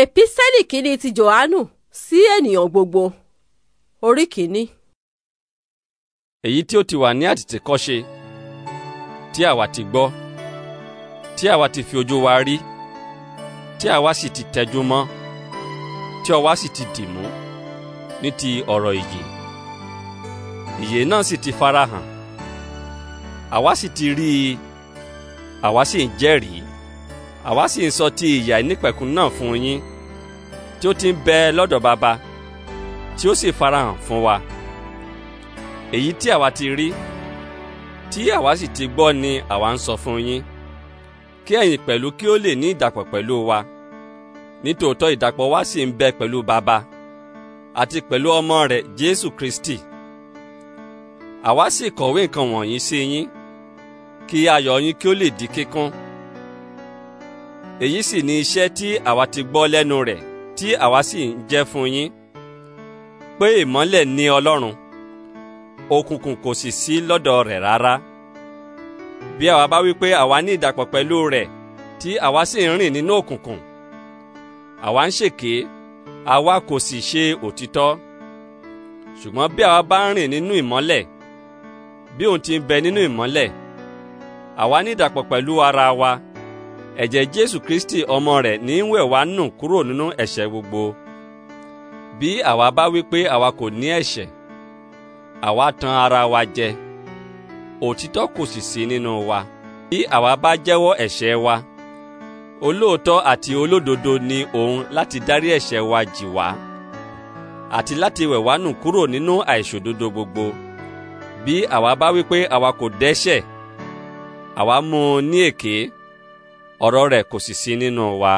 èpísẹ́lì kìíní ti jòhánù sí ènìyàn gbogbo orí kìíní. èyí tí ó ti wà ní àtètèkọ́ṣe tí àwa ti gbọ́ tí àwa ti fi ojú wa rí tí àwa sì ti tẹjú mọ́ tí ọwa sì ti dì mú ní ti ọ̀rọ̀ ìyè ìyè náà sì ti farahàn àwa sì ti rí i àwa sì ń jẹ́rìí àwa sì ń sọ ti ìyà ìnípẹ̀kun náà fún yín tí ó ti ń bẹ lọ́dọ̀ bàbá tí ó sì farahàn fún wa èyí tí àwa ti rí tí àwa sì ti gbọ́ ni àwa ń sọ fún yín kí ẹ̀yin pẹ̀lú kí ó lè ní ìdàpọ̀ pẹ̀lú wa nítòótọ́ ìdàpọ̀ wa sì ń bẹ pẹ̀lú bàbá àti pẹ̀lú ọmọ rẹ̀ Jésù Kristi àwa sì kọ̀wé nǹkan wọ̀nyí sí yín kí ayọ̀ yín kí ó lè di kíkún èyí sì ni iṣẹ́ tí àwa ti gbọ́ lẹ́nu rẹ̀ tí àwa sì ń jẹ́ fún yín pé ìmọ́lẹ̀ ni Ọlọ́run òkùnkùn kò sì sí lọ́dọ̀ rẹ̀ rárá bí àwa bá wí pé àwa ní ìdàpọ̀ pẹ̀lú rẹ̀ tí àwa sì ń rìn nínú òkùnkùn àwa ń ṣèké àwa kò sì ṣe òtítọ́ ṣùgbọ́n bí àwa bá ń rìn nínú ìmọ́lẹ̀ bí òun ti ń bẹ nínú ìmọ́lẹ̀ àwa ní ìdàpọ̀ pẹ̀lú ara wa ẹ̀jẹ̀ jésù kristi ọmọ rẹ̀ ní ń wẹ̀ wá nù kúrò nínú ẹ̀ṣẹ̀ gbogbo bí àwa bá wí pé àwa kò ní ẹ̀ṣẹ̀ àwa tan ara wa jẹ òtítọ́ kò sì sí nínú wa bí àwa bá jẹ́wọ́ ẹ̀ṣẹ̀ wa olóòótọ́ àti olódodo ni òun láti dárí ẹ̀ṣẹ̀ wa jì wá àti láti wẹ̀ wá nù kúrò nínú àìṣòdodo gbogbo bí àwa bá wí pé àwa kò dẹ́ṣẹ̀ àwa mú un ní èké ọ̀rọ̀ rẹ̀ kò sì sí nínú wa.